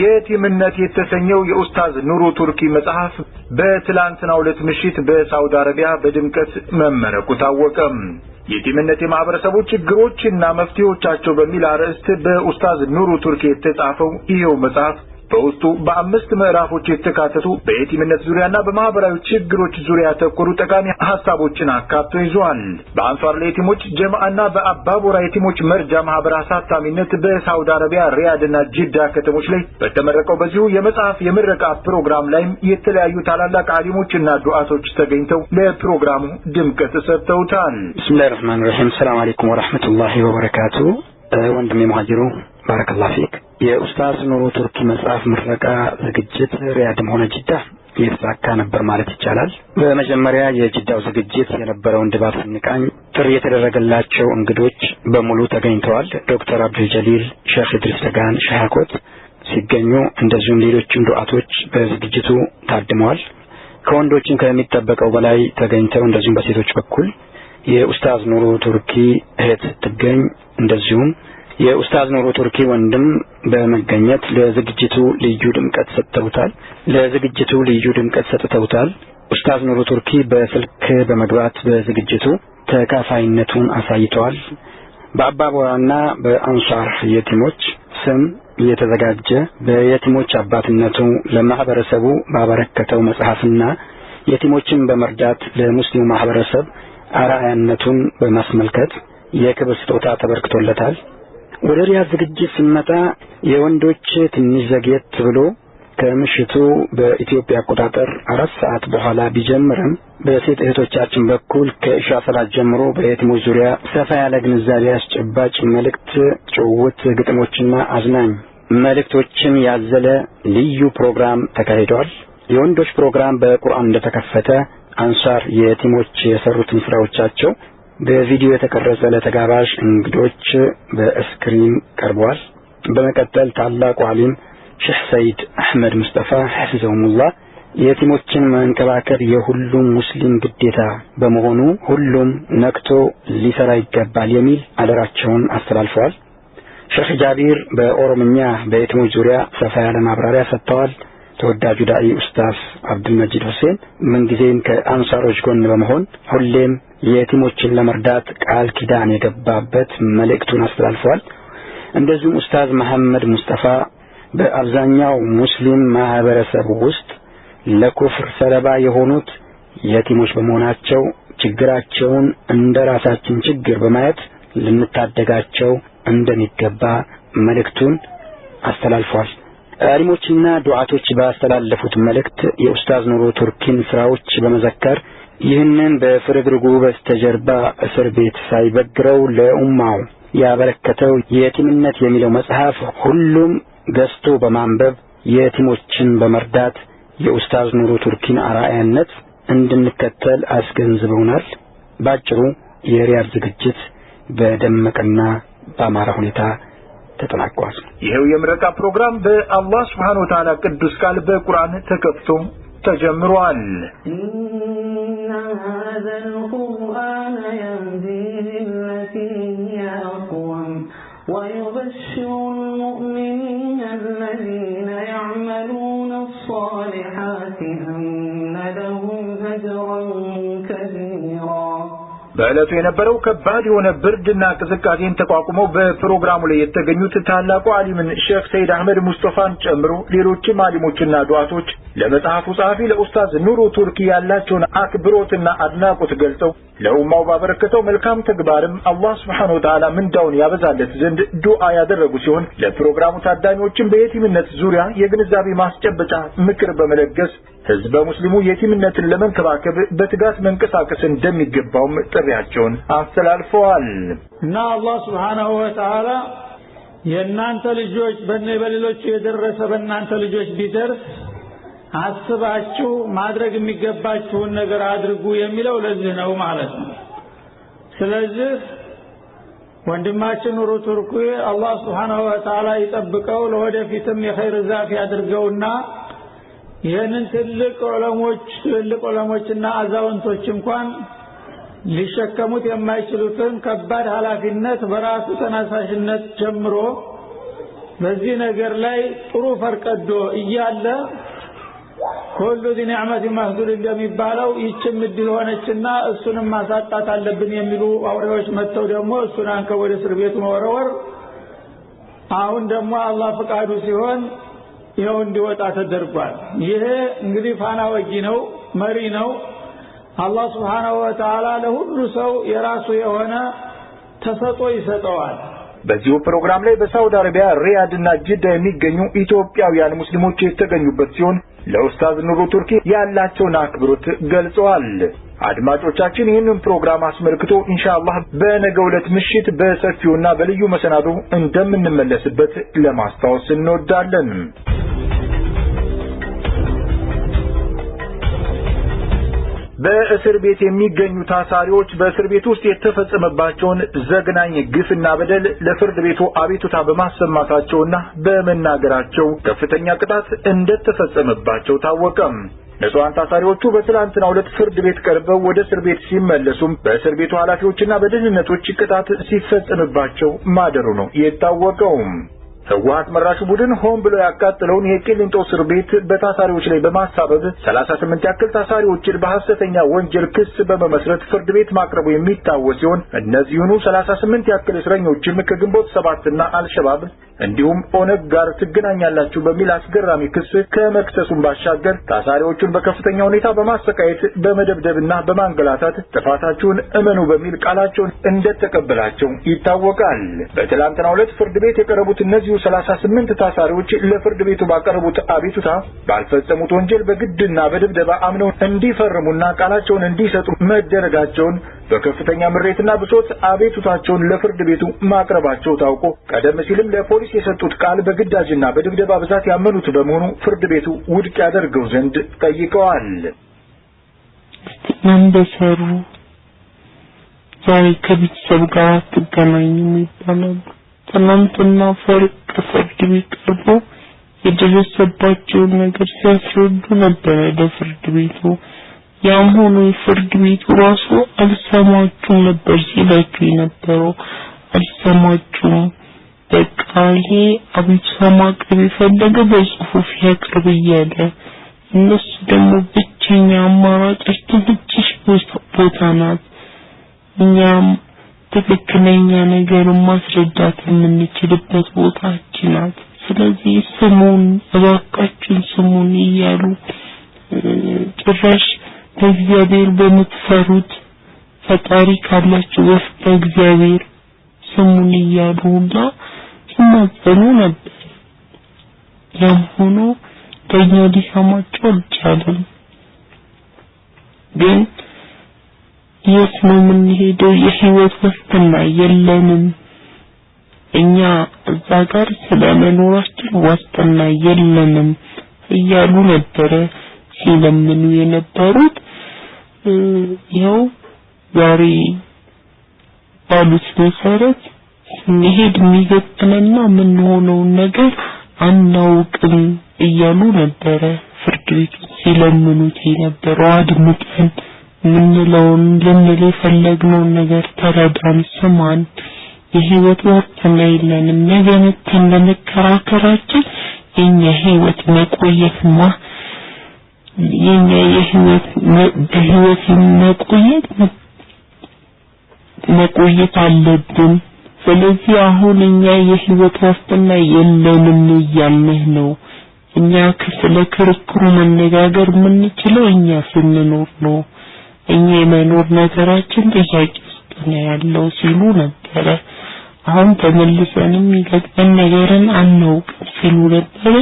የቲምነት የተሰኘው የኡስታዝ ኑሩ ቱርኪ መጽሐፍ በትላንትናው ዕለት ምሽት በሳውዲ አረቢያ በድምቀት መመረቁ ታወቀ። የቲምነት የማህበረሰቡ ችግሮችና መፍትሄዎቻቸው በሚል አርዕስት በኡስታዝ ኑሩ ቱርኪ የተጻፈው ይኸው መጽሐፍ በውስጡ በአምስት ምዕራፎች የተካተቱ በየቲምነት ዙሪያና በማህበራዊ ችግሮች ዙሪያ ያተኮሩ ጠቃሚ ሀሳቦችን አካቶ ይዟል። በአንሷር ለየቲሞች ጀማአና በአባቦራ የቲሞች መርጃ ማህበር አሳታሚነት በሳውዲ አረቢያ ሪያድና ጅዳ ከተሞች ላይ በተመረቀው በዚሁ የመጽሐፍ የምረቃ ፕሮግራም ላይም የተለያዩ ታላላቅ አሊሞችና ዱዓቶች ተገኝተው ለፕሮግራሙ ድምቀት ሰጥተውታል። ብስሚላሂ ረህማን ረሂም። ሰላም አለይኩም ወራህመቱላሂ ወበረካቱ። ወንድሜ መሀጅሩ ባረከላሁ ፊክ የኡስታዝ ኑሩ ቱርኪ መጽሐፍ ምረቃ ዝግጅት ሪያድም ሆነ ጅዳ የተሳካ ነበር ማለት ይቻላል። በመጀመሪያ የጅዳው ዝግጅት የነበረውን ድባብ ስንቃኝ ጥሪ የተደረገላቸው እንግዶች በሙሉ ተገኝተዋል። ዶክተር አብዱልጀሊል ጀሊል፣ ሼህ ኢድሪስ ደጋን ሲገኙ እንደዚሁም ሌሎችም ዱዓቶች በዝግጅቱ ታድመዋል። ከወንዶችም ከሚጠበቀው በላይ ተገኝተው እንደዚሁም በሴቶች በኩል የኡስታዝ ኑሩ ቱርኪ እህት ስትገኝ እንደዚሁም የኡስታዝ ኑሩ ቱርኪ ወንድም በመገኘት ለዝግጅቱ ልዩ ድምቀት ሰጥተውታል። ለዝግጅቱ ልዩ ድምቀት ሰጥተውታል። ኡስታዝ ኑሩ ቱርኪ በስልክ በመግባት በዝግጅቱ ተካፋይነቱን አሳይተዋል። በአባቦራና በአንሷር የቲሞች ስም እየተዘጋጀ በየቲሞች አባትነቱ ለማህበረሰቡ ባበረከተው መጽሐፍና የቲሞችን በመርዳት ለሙስሊሙ ማህበረሰብ አራያነቱን በማስመልከት የክብር ስጦታ ተበርክቶለታል። ወደ ሪያድ ዝግጅት ሲመጣ የወንዶች ትንሽ ዘግየት ብሎ ከምሽቱ በኢትዮጵያ አቆጣጠር አራት ሰዓት በኋላ ቢጀምርም በሴት እህቶቻችን በኩል ከእሻ ሰላት ጀምሮ በየቲሞች ዙሪያ ሰፋ ያለ ግንዛቤ አስጨባጭ መልእክት፣ ጭውውት፣ ግጥሞችና አዝናኝ መልእክቶችን ያዘለ ልዩ ፕሮግራም ተካሂደዋል። የወንዶች ፕሮግራም በቁርአን እንደተከፈተ አንሷር የቲሞች የሰሩትን ስራዎቻቸው በቪዲዮ የተቀረጸ ለተጋባዥ እንግዶች በስክሪን ቀርበዋል። በመቀጠል ታላቁ አሊም ሼህ ሰይድ አህመድ ሙስጠፋ ሐፊዘሁሙላህ የቲሞችን መንከባከብ የሁሉም ሙስሊም ግዴታ በመሆኑ ሁሉም ነክቶ ሊሰራ ይገባል የሚል አደራቸውን አስተላልፈዋል። ሼህ ጃቢር በኦሮምኛ በየቲሞች ዙሪያ ሰፋ ያለ ማብራሪያ ሰጥተዋል። ተወዳጁ ዳኢ ኡስታዝ መጂድ ሁሴን ምንጊዜም ከአንሳሮች ጎን በመሆን ሁሌም የቲሞችን ለመርዳት ቃል ኪዳን የገባበት መልእክቱን አስተላልፈዋል። እንደዚሁም ኡስታዝ መሐመድ ሙስጠፋ በአብዛኛው ሙስሊም ማህበረሰብ ውስጥ ለኩፍር ሰለባ የሆኑት የቲሞች በመሆናቸው ችግራቸውን እንደ ራሳችን ችግር በማየት ልንታደጋቸው እንደሚገባ መልእክቱን አስተላልፏል። አሊሞችና ዱዓቶች ባስተላለፉት መልእክት የኡስታዝ ኑሩ ቱርኪን ስራዎች በመዘከር ይህንን በፍርግርጉ በስተጀርባ እስር ቤት ሳይበግረው ለኡማው ያበረከተው የቲምነት የሚለው መጽሐፍ ሁሉም ገዝቶ በማንበብ የቲሞችን በመርዳት የኡስታዝ ኑሩ ቱርኪን አርአያነት እንድንከተል አስገንዝበውናል። ባጭሩ የሪያድ ዝግጅት በደመቀና በአማራ ሁኔታ ተጠናቋል። ይኸው የምረቃ ፕሮግራም በአላህ ስብሓን ወተዓላ ቅዱስ ቃል በቁርአን ተከፍቶ ተጀምሯል። ويبشر المؤمنين الذين يعملون الصالحات أن لهم أجرا በዕለቱ የነበረው ከባድ የሆነ ብርድና ቅዝቃዜን ተቋቁመው በፕሮግራሙ ላይ የተገኙት ታላቁ አሊምን ሼክ ሰይድ አህመድ ሙስጠፋን ጨምሮ ሌሎችም አሊሞችና ዱዓቶች ለመጽሐፉ ጸሐፊ ለኡስታዝ ኑሩ ቱርኪ ያላቸውን አክብሮትና አድናቆት ገልጸው ለኡማው ባበረከተው መልካም ተግባርም አላህ ስብሓን ወተዓላ ምንዳውን ያበዛለት ዘንድ ዱዓ ያደረጉ ሲሆን ለፕሮግራሙ ታዳሚዎችም በየቲምነት ዙሪያ የግንዛቤ ማስጨበጫ ምክር በመለገስ ህዝበ ሙስሊሙ የቲምነትን ለመንከባከብ በትጋት መንቀሳቀስ እንደሚገባውም ጥሪ ጥሪያቸውን አስተላልፈዋል እና አላህ ስብሓናሁ ወተዓላ የእናንተ ልጆች በነ በሌሎቹ የደረሰ በእናንተ ልጆች ቢደርስ አስባችሁ ማድረግ የሚገባችሁን ነገር አድርጉ የሚለው ለዚህ ነው ማለት ነው ስለዚህ ወንድማችን ሩት ርኩ አላህ ስብሓናሁ ወተዓላ ይጠብቀው ለወደፊትም የኸይር ዛፍ ያድርገውና ይህንን ትልቅ ዑለሞች ትልልቅ ዑለሞችና አዛውንቶች እንኳን ሊሸከሙት የማይችሉትን ከባድ ኃላፊነት በራሱ ተነሳሽነት ጀምሮ በዚህ ነገር ላይ ጥሩ ፈርቀዶ እያለ ሁሉ ዚ ኒዕመት ማህዱድ እንደሚባለው ይችም እድል ሆነችና እሱንም ማሳጣት አለብን የሚሉ አውሬዎች መጥተው ደግሞ እሱን አንከ ወደ እስር ቤት መወረወር፣ አሁን ደግሞ አላህ ፈቃዱ ሲሆን ይኸው እንዲወጣ ተደርጓል። ይሄ እንግዲህ ፋና ወጊ ነው፣ መሪ ነው። አላህ ስብሓናሁ ወተዓላ ለሁሉ ሰው የራሱ የሆነ ተሰጦ ይሰጠዋል። በዚሁ ፕሮግራም ላይ በሳውዲ አረቢያ ሪያድ እና ጅዳ የሚገኙ ኢትዮጵያውያን ሙስሊሞች የተገኙበት ሲሆን ለኡስታዝ ኑሩ ቱርኪ ያላቸውን አክብሮት ገልጸዋል። አድማጮቻችን ይህንን ፕሮግራም አስመልክቶ ኢንሻአላህ በነገ ዕለት ምሽት በሰፊውና በልዩ መሰናዶ እንደምንመለስበት ለማስታወስ እንወዳለን። በእስር ቤት የሚገኙ ታሳሪዎች በእስር ቤት ውስጥ የተፈጸመባቸውን ዘግናኝ ግፍና በደል ለፍርድ ቤቱ አቤቱታ በማሰማታቸውና በመናገራቸው ከፍተኛ ቅጣት እንደተፈጸመባቸው ታወቀ። ንጹሐን ታሳሪዎቹ በትላንትና ሁለት ፍርድ ቤት ቀርበው ወደ እስር ቤት ሲመለሱም በእስር ቤቱ ኃላፊዎችና በደህንነቶች ቅጣት ሲፈጸምባቸው ማደሩ ነው የታወቀው። ህወሀት መራሹ ቡድን ሆን ብሎ ያቃጥለውን የቂሊንጦ እስር ቤት በታሳሪዎች ላይ በማሳበብ 38 ያክል ታሳሪዎችን በሐሰተኛ ወንጀል ክስ በመመስረት ፍርድ ቤት ማቅረቡ የሚታወስ ሲሆን እነዚሁኑ 38 ያክል እስረኞችም ከግንቦት ሰባትና አልሸባብ እንዲሁም ኦነግ ጋር ትገናኛላችሁ በሚል አስገራሚ ክስ ከመክሰሱን ባሻገር ታሳሪዎቹን በከፍተኛ ሁኔታ በማሰቃየት በመደብደብና በማንገላታት ጥፋታችሁን እመኑ በሚል ቃላቸውን እንደተቀበላቸው ይታወቃል። በትላንትና ሁለት ፍርድ ቤት የቀረቡት እነዚሁ 38 ታሳሪዎች ለፍርድ ቤቱ ባቀረቡት አቤቱታ ባልፈጸሙት ወንጀል በግድና በድብደባ አምነው እንዲፈርሙና ቃላቸውን እንዲሰጡ መደረጋቸውን በከፍተኛ ምሬትና ብሶት አቤቱታቸውን ለፍርድ ቤቱ ማቅረባቸው ታውቆ ቀደም ሲልም ለፖሊስ ፖሊስ የሰጡት ቃል በግዳጅና በድብደባ ብዛት ያመኑት በመሆኑ ፍርድ ቤቱ ውድቅ ያደርገው ዘንድ ጠይቀዋል። ማን በሰሩ ዛሬ ከቤተሰብ ጋር አትገናኙም ይባላሉ። ትናንትና ፈርቅ ፍርድ ቤት ቀርቦ የደረሰባቸውን ነገር ሲያስረዱ ነበረ ለፍርድ ቤቱ። ያም ሆኖ የፍርድ ቤቱ ራሱ አልሰማችሁም ነበር ሲላችሁ የነበረው አልሰማችሁም በቃ ይሄ አቤቱታ ማቅረብ የፈለገ በጽሁፍ ያቅርብ እያለ እነሱ ደግሞ ብቸኛ አማራጮች ትንሽ ቦታ ናት። እኛም ትክክለኛ ነገር ማስረዳት የምንችልበት ቦታችን ናት። ስለዚህ ስሙን እባካችን ስሙን እያሉ ጭራሽ በእግዚአብሔር በምትፈሩት ፈጣሪ ካላችሁ በእግዚአብሔር ስሙን እያሉ ሁላ ይመዘኑ ነበር። ለመሆኑ ከኛ ሊሰማቸው አልቻለም። ግን የት ነው የምንሄደው? የህይወት ዋስትና የለንም። እኛ እዛ ጋር ስለመኖራችን ዋስትና የለንም እያሉ ነበረ ሲለምኑ የነበሩት። ይኸው ዛሬ ባሉት መሰረት መሄድ የሚገጥመና የምንሆነውን ነገር አናውቅም እያሉ ነበረ ፍርድ ቤት ሲለምኑት የነበረው አድምጠን የምንለውን ልንል የፈለግነውን ነገር ተረዳን ስማን የህይወት ዋስትና የለንም ነገ መተን ለመከራከራችን የኛ ህይወት መቆየትማ የኛ የህይወት በህይወት መቆየት መቆየት አለብን ስለዚህ አሁን እኛ የህይወት ዋስትና የለንም እያለህ ነው። እኛ ስለ ክርክሩ መነጋገር የምንችለው እኛ ስንኖር ነው። እኛ የመኖር ነገራችን ጥያቄ ውስጥ ነው ያለው ሲሉ ነበረ። አሁን ተመልሰንም ይገጥመን ነገርን አናውቅም ሲሉ ነበረ።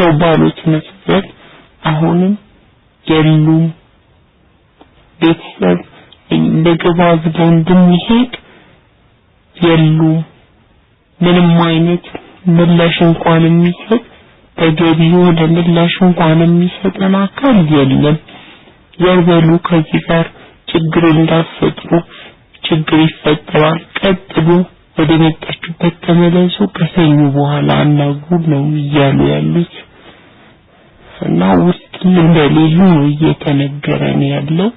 ያው ባሉት መሰረት አሁንም የሉም ቤተሰብ ለግባዝ ብለን ብንሄድ የሉ ምንም አይነት ምላሽ እንኳን የሚሰጥ ተገቢ የሆነ ምላሽ እንኳን የሚሰጥ አካል የለም። ዘርበሉ ከዚህ ጋር ችግር እንዳትፈጥሩ፣ ችግር ይፈጠራል። ቀጥሉ፣ ወደ መጣችሁበት ተመለሱ፣ ከሰኞ በኋላ አናግሩን ነው እያሉ ያሉት እና ውስጥ እንደሌሉ ነው እየተነገረን ያለው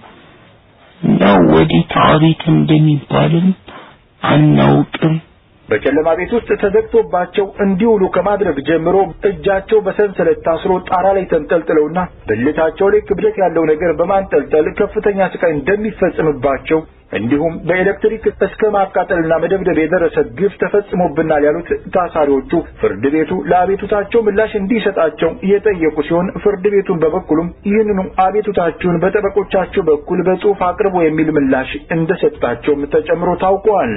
እና ወዲህ ታሪክ እንደሚባልም አናውቅም። በጨለማ ቤት ውስጥ ተዘግቶባቸው እንዲውሉ ከማድረግ ጀምሮ እጃቸው በሰንሰለት ታስሮ ጣራ ላይ ተንጠልጥለውና ብልታቸው ላይ ክብደት ያለው ነገር በማንጠልጠል ከፍተኛ ስቃይ እንደሚፈጽምባቸው እንዲሁም በኤሌክትሪክ እስከ ማቃጠልና መደብደብ የደረሰ ግፍ ተፈጽሞብናል ያሉት ታሳሪዎቹ ፍርድ ቤቱ ለአቤቱታቸው ምላሽ እንዲሰጣቸው እየጠየቁ ሲሆን ፍርድ ቤቱን በበኩሉም ይህንኑ አቤቱታቸውን በጠበቆቻቸው በኩል በጽሑፍ አቅርቦ የሚል ምላሽ እንደሰጣቸውም ተጨምሮ ታውቋል።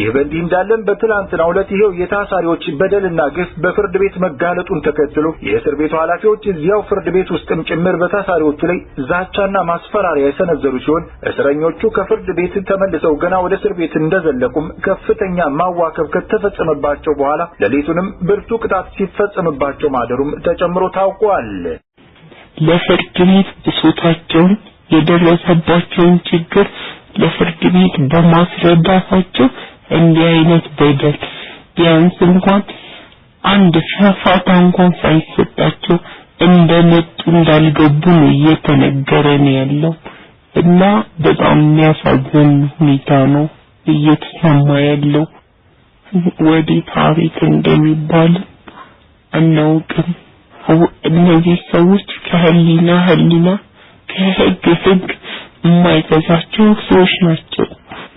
ይህ በእንዲህ እንዳለም በትላንትና ሁለት ይኸው የታሳሪዎች በደልና ግፍ በፍርድ ቤት መጋለጡን ተከትሎ የእስር ቤቱ ኃላፊዎች እዚያው ፍርድ ቤት ውስጥም ጭምር በታሳሪዎቹ ላይ ዛቻና ማስፈራሪያ የሰነዘሩ ሲሆን እስረኞቹ ከፍርድ ቤት ቤት ተመልሰው ገና ወደ እስር ቤት እንደዘለቁም ከፍተኛ ማዋከብ ከተፈጸመባቸው በኋላ ሌሊቱንም ብርቱ ቅጣት ሲፈጸምባቸው ማደሩም ተጨምሮ ታውቋል። ለፍርድ ቤት ብሶታቸውን የደረሰባቸውን ችግር ለፍርድ ቤት በማስረዳታቸው እንዲህ አይነት በደል ቢያንስ እንኳን አንድ ሸፋታ እንኳን ሳይሰጣቸው እንደመጡ እንዳልገቡ ነው እየተነገረ ያለው። እና በጣም የሚያሳዝን ሁኔታ ነው እየተሰማ ያለው። ወደ ታሪክ እንደሚባል አናውቅም። እነዚህ ሰዎች ከህሊና ህሊና ከህግ ህግ የማይገዛቸው ሰዎች ናቸው።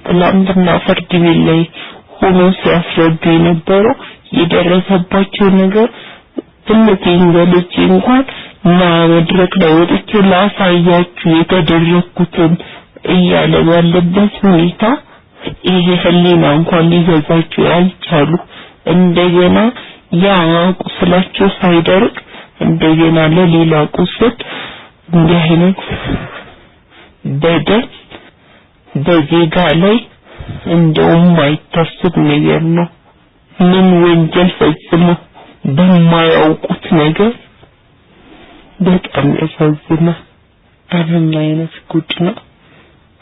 ትላንትና ፍርድ ቤት ላይ ሆኖ ሲያስረዱ የነበረው የደረሰባቸው ነገር ትልቅ እንኳን እና መድረክ ላይ ወጥቼ ላሳያችሁ የተደረኩትን እያለ ያለበት ሁኔታ ይሄ ህሊና እንኳን ሊገዛችሁ ያልቻሉ እንደገና ያ ቁስላቸው ሳይደርቅ እንደገና ለሌላ ቁስል እንዲህ አይነት በደል በዜጋ ላይ እንደውም አይታሰብ ነገር ነው። ምን ወንጀል ፈጽሞ በማያውቁት ነገር በጣም ያሳዝናል። አረ ምን አይነት ጉድ ነው!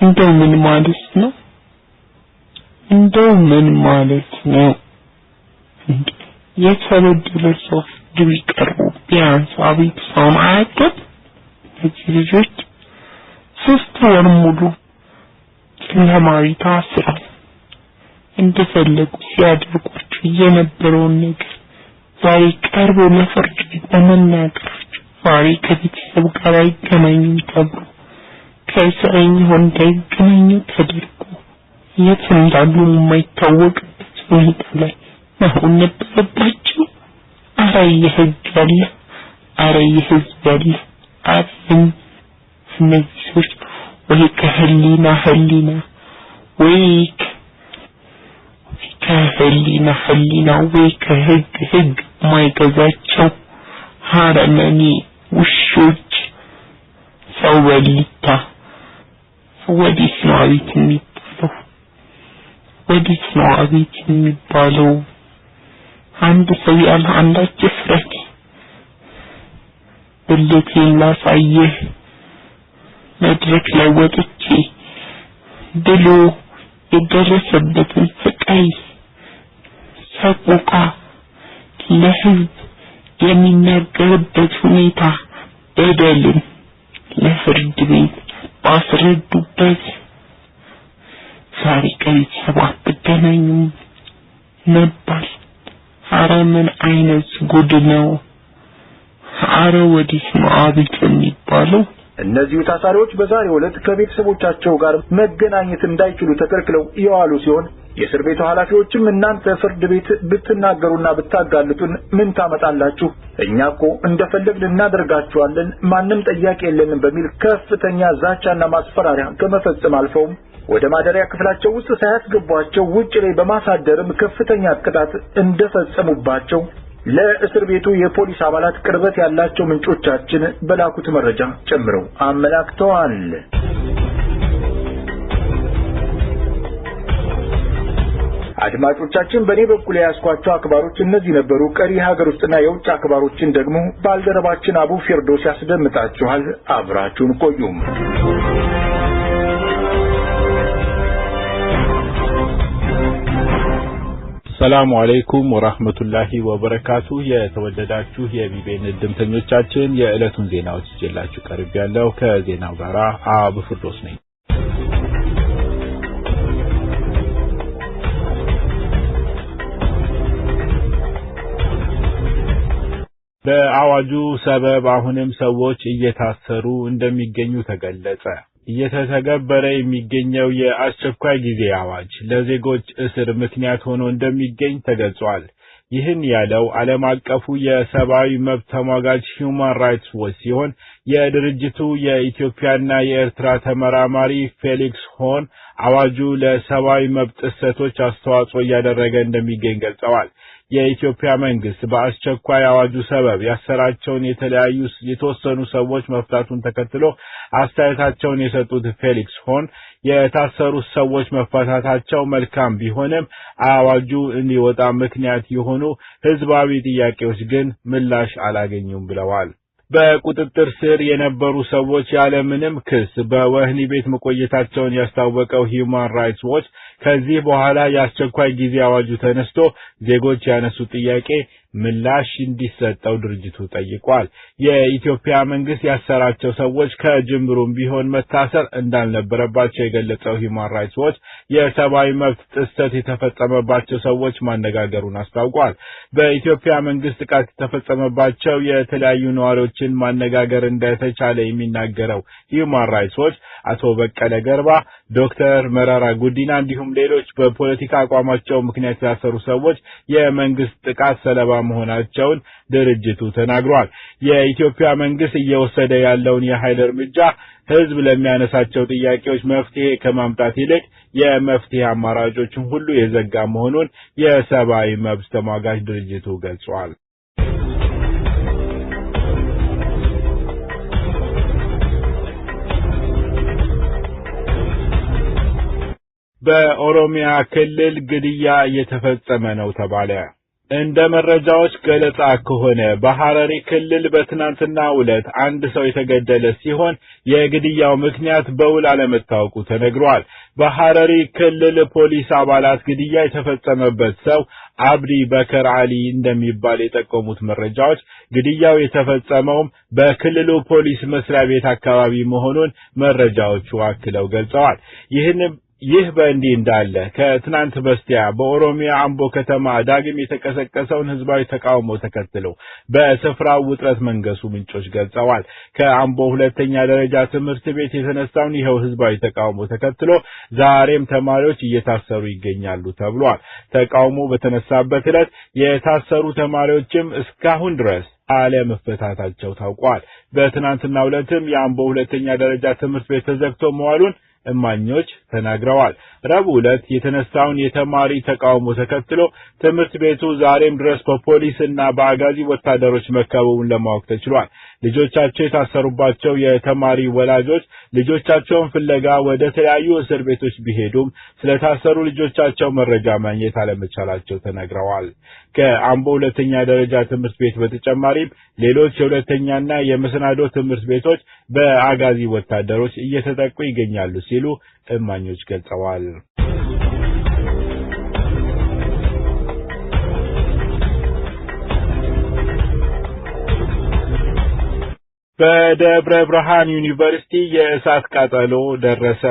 እንደው ምን ማለት ነው? እንደው ምን ማለት ነው? የተበደለ ሰው ቢቀርቡ ቢያንስ አቤት ሰውን አያውቅም። እነዚህ ልጆች ሶስት ወር ሙሉ ጨለማዊ ታስረው እንደፈለጉ ሲያደርጓቸው የነበረውን ነገር ዛሬ ቀርቦ ለፍርድ በመናገር ዋሪ ከቤተሰብ ጋር አይገናኙም ተብሎ ከእስረኛ እንዳይገናኙ ተደርጎ የት እንዳሉ የማይታወቅበት ሁኔታ ላይ መሆን ነበረባቸው። አረ የህግ ያለ አረ የህዝብ ያለ አረ እነዚህ ወይ ከህሊና ህሊና ወይ ከህሊና ህሊና ወይ ከህግ ህግ ማይገዛቸው ሀረመኔ وشوك سواليتا ودي سنعبيت ميبالو ودي سنعبيت ميبالو عند سوي قال عندك كفرك بالتي لا صيه መድረክ ላይ ወጥቼ ብሎ የደረሰበትን ስቃይ ሰቆቃ ለህዝብ የሚናገርበት ሁኔታ በደልን ለፍርድ ቤት ባስረዱበት ዛሬ ቀን ሰባት ብገናኙም ነበር። አረ ምን አይነት ጉድ ነው! አረ ወዲስ ነው አቤት የሚባለው። እነዚሁ ታሳሪዎች በዛሬው ዕለት ከቤተሰቦቻቸው ጋር መገናኘት እንዳይችሉ ተከልክለው የዋሉ ሲሆን የእስር ቤቱ ኃላፊዎችም እናንተ ፍርድ ቤት ብትናገሩና ብታጋልጡን ምን ታመጣላችሁ? እኛ እኮ እንደፈለግን እናደርጋችኋለን፣ ማንም ጠያቂ የለንም በሚል ከፍተኛ ዛቻና ማስፈራሪያ ከመፈጸም አልፈውም ወደ ማደሪያ ክፍላቸው ውስጥ ሳያስገቧቸው ውጭ ላይ በማሳደርም ከፍተኛ ቅጣት እንደፈጸሙባቸው ለእስር ቤቱ የፖሊስ አባላት ቅርበት ያላቸው ምንጮቻችን በላኩት መረጃ ጨምረው አመላክተዋል። አድማጮቻችን፣ በእኔ በኩል የያዝኳቸው አክባሮች እነዚህ ነበሩ። ቀሪ የሀገር ውስጥና የውጭ አክባሮችን ደግሞ ባልደረባችን አቡ ፌርዶስ ያስደምጣችኋል። አብራችሁን ቆዩም። አሰላሙ አለይኩም ወራህመቱላሂ ወበረካቱ። የተወደዳችሁ የቢቤን እድምተኞቻችን የዕለቱን ዜናዎች ይዤላችሁ ቀርብ ያለው ከዜናው ጋር አብ ፍርዶስ ነኝ። በአዋጁ ሰበብ አሁንም ሰዎች እየታሰሩ እንደሚገኙ ተገለጸ። እየተተገበረ የሚገኘው የአስቸኳይ ጊዜ አዋጅ ለዜጎች እስር ምክንያት ሆኖ እንደሚገኝ ተገልጿል። ይህን ያለው ዓለም አቀፉ የሰብአዊ መብት ተሟጋች ሂዩማን ራይትስ ዎች ሲሆን የድርጅቱ የኢትዮጵያና የኤርትራ ተመራማሪ ፌሊክስ ሆን አዋጁ ለሰብአዊ መብት ጥሰቶች አስተዋጽኦ እያደረገ እንደሚገኝ ገልጸዋል። የኢትዮጵያ መንግስት በአስቸኳይ አዋጁ ሰበብ ያሰራቸውን የተለያዩ የተወሰኑ ሰዎች መፍታቱን ተከትሎ አስተያየታቸውን የሰጡት ፌሊክስ ሆን የታሰሩት ሰዎች መፈታታቸው መልካም ቢሆንም አዋጁ እንዲወጣ ምክንያት የሆኑ ህዝባዊ ጥያቄዎች ግን ምላሽ አላገኙም ብለዋል። በቁጥጥር ስር የነበሩ ሰዎች ያለምንም ክስ በወህኒ ቤት መቆየታቸውን ያስታወቀው ሂዩማን ራይትስ ዎች ከዚህ በኋላ የአስቸኳይ ጊዜ አዋጁ ተነስቶ ዜጎች ያነሱ ጥያቄ ምላሽ እንዲሰጠው ድርጅቱ ጠይቋል። የኢትዮጵያ መንግስት ያሰራቸው ሰዎች ከጅምሩም ቢሆን መታሰር እንዳልነበረባቸው የገለጸው ሂማን ራይትስ ዎች የሰብአዊ መብት ጥሰት የተፈጸመባቸው ሰዎች ማነጋገሩን አስታውቋል። በኢትዮጵያ መንግስት ጥቃት የተፈጸመባቸው የተለያዩ ነዋሪዎችን ማነጋገር እንደተቻለ የሚናገረው ሂማን ራይትስ ዎች አቶ በቀለ ገርባ፣ ዶክተር መራራ ጉዲና እንዲሁም ሌሎች በፖለቲካ አቋማቸው ምክንያት የታሰሩ ሰዎች የመንግስት ጥቃት ሰለባ መሆናቸውን ድርጅቱ ተናግሯል። የኢትዮጵያ መንግስት እየወሰደ ያለውን የኃይል እርምጃ ህዝብ ለሚያነሳቸው ጥያቄዎች መፍትሄ ከማምጣት ይልቅ የመፍትሄ አማራጮችን ሁሉ የዘጋ መሆኑን የሰብአዊ መብት ተሟጋች ድርጅቱ ገልጿል። በኦሮሚያ ክልል ግድያ እየተፈጸመ ነው ተባለ። እንደ መረጃዎች ገለጻ ከሆነ በሐረሪ ክልል በትናንትናው ዕለት አንድ ሰው የተገደለ ሲሆን የግድያው ምክንያት በውል አለመታወቁ ተነግሯል። በሐረሪ ክልል ፖሊስ አባላት ግድያ የተፈጸመበት ሰው አብዲ በከር አሊ እንደሚባል የጠቆሙት መረጃዎች ግድያው የተፈጸመውም በክልሉ ፖሊስ መስሪያ ቤት አካባቢ መሆኑን መረጃዎቹ አክለው ገልጸዋል። ይህን ይህ በእንዲህ እንዳለ ከትናንት በስቲያ በኦሮሚያ አምቦ ከተማ ዳግም የተቀሰቀሰውን ህዝባዊ ተቃውሞ ተከትሎ በስፍራው ውጥረት መንገሱ ምንጮች ገልጸዋል። ከአምቦ ሁለተኛ ደረጃ ትምህርት ቤት የተነሳውን ይኸው ህዝባዊ ተቃውሞ ተከትሎ ዛሬም ተማሪዎች እየታሰሩ ይገኛሉ ተብሏል። ተቃውሞ በተነሳበት ዕለት የታሰሩ ተማሪዎችም እስካሁን ድረስ አለመፈታታቸው ታውቋል። በትናንትናው ዕለትም የአምቦ ሁለተኛ ደረጃ ትምህርት ቤት ተዘግቶ መዋሉን እማኞች ተናግረዋል። ረቡዕ ዕለት የተነሳውን የተማሪ ተቃውሞ ተከትሎ ትምህርት ቤቱ ዛሬም ድረስ በፖሊስ እና በአጋዚ ወታደሮች መከበቡን ለማወቅ ተችሏል። ልጆቻቸው የታሰሩባቸው የተማሪ ወላጆች ልጆቻቸውን ፍለጋ ወደ ተለያዩ እስር ቤቶች ቢሄዱም ስለታሰሩ ልጆቻቸው መረጃ ማግኘት አለመቻላቸው ተነግረዋል። ከአምቦ ሁለተኛ ደረጃ ትምህርት ቤት በተጨማሪም ሌሎች የሁለተኛና የመሰናዶ ትምህርት ቤቶች በአጋዚ ወታደሮች እየተጠቁ ይገኛሉ ሲሉ እማኞች ገልጸዋል። በደብረ ብርሃን ዩኒቨርሲቲ የእሳት ቃጠሎ ደረሰ።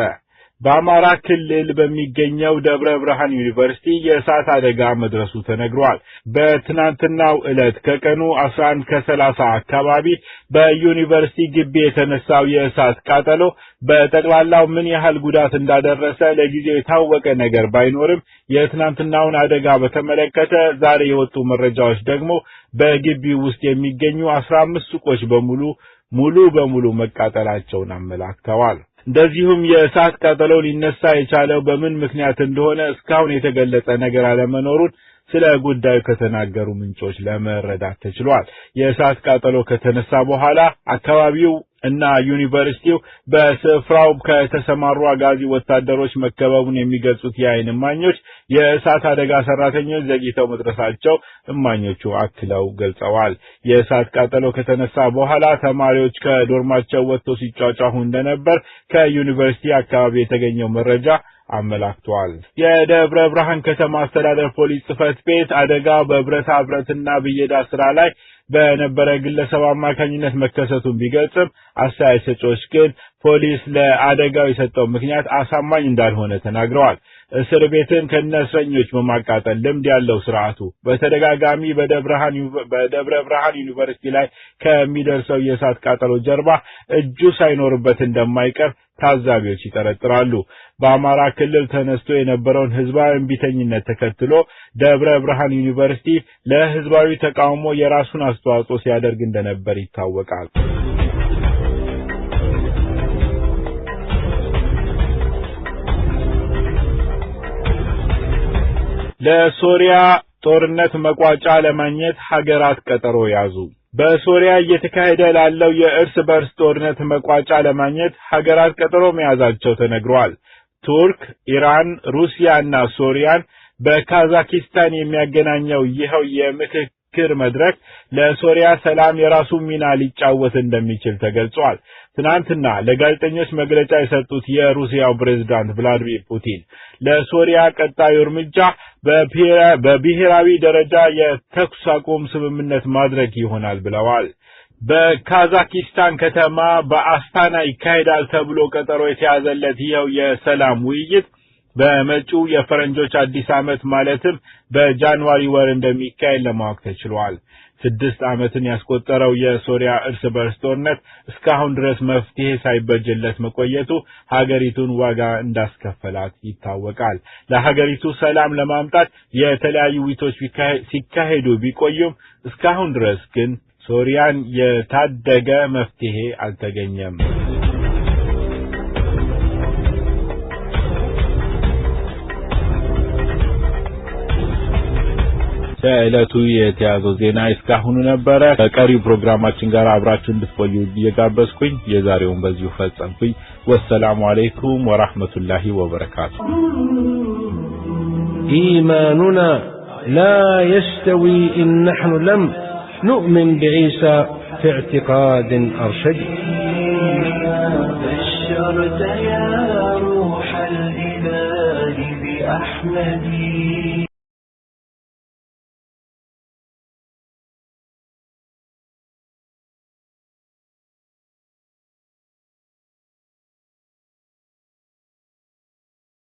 በአማራ ክልል በሚገኘው ደብረ ብርሃን ዩኒቨርሲቲ የእሳት አደጋ መድረሱ ተነግሯል። በትናንትናው ዕለት ከቀኑ 11 ከ30 አካባቢ በዩኒቨርሲቲ ግቢ የተነሳው የእሳት ቃጠሎ በጠቅላላው ምን ያህል ጉዳት እንዳደረሰ ለጊዜው የታወቀ ነገር ባይኖርም የትናንትናውን አደጋ በተመለከተ ዛሬ የወጡ መረጃዎች ደግሞ በግቢው ውስጥ የሚገኙ 15 ሱቆች በሙሉ ሙሉ በሙሉ መቃጠላቸውን አመላክተዋል። እንደዚሁም የእሳት ቃጠሎ ሊነሳ የቻለው በምን ምክንያት እንደሆነ እስካሁን የተገለጸ ነገር አለመኖሩን ስለ ጉዳዩ ከተናገሩ ምንጮች ለመረዳት ተችሏል። የእሳት ቃጠሎ ከተነሳ በኋላ አካባቢው እና ዩኒቨርሲቲው በስፍራው ከተሰማሩ አጋዚ ወታደሮች መከበቡን የሚገልጹት የአይን እማኞች የእሳት አደጋ ሰራተኞች ዘግይተው መድረሳቸው እማኞቹ አክለው ገልጸዋል። የእሳት ቃጠሎ ከተነሳ በኋላ ተማሪዎች ከዶርማቸው ወጥተው ሲጫጫሁ እንደነበር ከዩኒቨርሲቲ አካባቢ የተገኘው መረጃ አመላክቷል። የደብረ ብርሃን ከተማ አስተዳደር ፖሊስ ጽፈት ቤት አደጋ በብረታ ብረትና ብየዳ ስራ ላይ በነበረ ግለሰብ አማካኝነት መከሰቱን ቢገልጽም አስተያየት ሰጪዎች ግን ፖሊስ ለአደጋው የሰጠው ምክንያት አሳማኝ እንዳልሆነ ተናግረዋል። እስር ቤትን ከነሰኞች በማቃጠል ልምድ ያለው ስርዓቱ በተደጋጋሚ በደብረ ብርሃን ዩኒቨርሲቲ ላይ ከሚደርሰው የእሳት ቃጠሎ ጀርባ እጁ ሳይኖርበት እንደማይቀር ታዛቢዎች ይጠረጥራሉ። በአማራ ክልል ተነስቶ የነበረውን ህዝባዊ እምቢተኝነት ተከትሎ ደብረ ብርሃን ዩኒቨርሲቲ ለህዝባዊ ተቃውሞ የራሱን አስተዋጽኦ ሲያደርግ እንደነበር ይታወቃል። ለሶሪያ ጦርነት መቋጫ ለማግኘት ሀገራት ቀጠሮ ያዙ። በሶሪያ እየተካሄደ ላለው የእርስ በርስ ጦርነት መቋጫ ለማግኘት ሀገራት ቀጠሮ መያዛቸው ተነግሯል። ቱርክ፣ ኢራን፣ ሩሲያ እና ሶሪያን በካዛኪስታን የሚያገናኘው ይኸው የምትክ ምክክር መድረክ ለሶሪያ ሰላም የራሱ ሚና ሊጫወት እንደሚችል ተገልጿል። ትናንትና ለጋዜጠኞች መግለጫ የሰጡት የሩሲያው ፕሬዝዳንት ቭላድሚር ፑቲን ለሶሪያ ቀጣዩ እርምጃ በብሔራዊ ደረጃ የተኩስ አቁም ስምምነት ማድረግ ይሆናል ብለዋል። በካዛኪስታን ከተማ በአስታና ይካሄዳል ተብሎ ቀጠሮ የተያዘለት ይኸው የሰላም ውይይት በመጪው የፈረንጆች አዲስ ዓመት ማለትም በጃንዋሪ ወር እንደሚካሄድ ለማወቅ ተችሏል። ስድስት ዓመትን ያስቆጠረው የሶሪያ እርስ በርስ ጦርነት እስካሁን ድረስ መፍትሄ ሳይበጅለት መቆየቱ ሀገሪቱን ዋጋ እንዳስከፈላት ይታወቃል። ለሀገሪቱ ሰላም ለማምጣት የተለያዩ ውይይቶች ሲካሄዱ ቢቆዩም እስካሁን ድረስ ግን ሶሪያን የታደገ መፍትሄ አልተገኘም። سائلاتو يتعزو زينا اسكاحونو نبارا كاري پروگراما چنگار عبراتون دفوليو يقابس كوين يزاري ومبز يوفز انكوين والسلام عليكم ورحمة الله وبركاته إيماننا لا يستوي إن نحن لم نؤمن بعيسى في اعتقاد أرشد بشرت يا روح الإله بأحمدي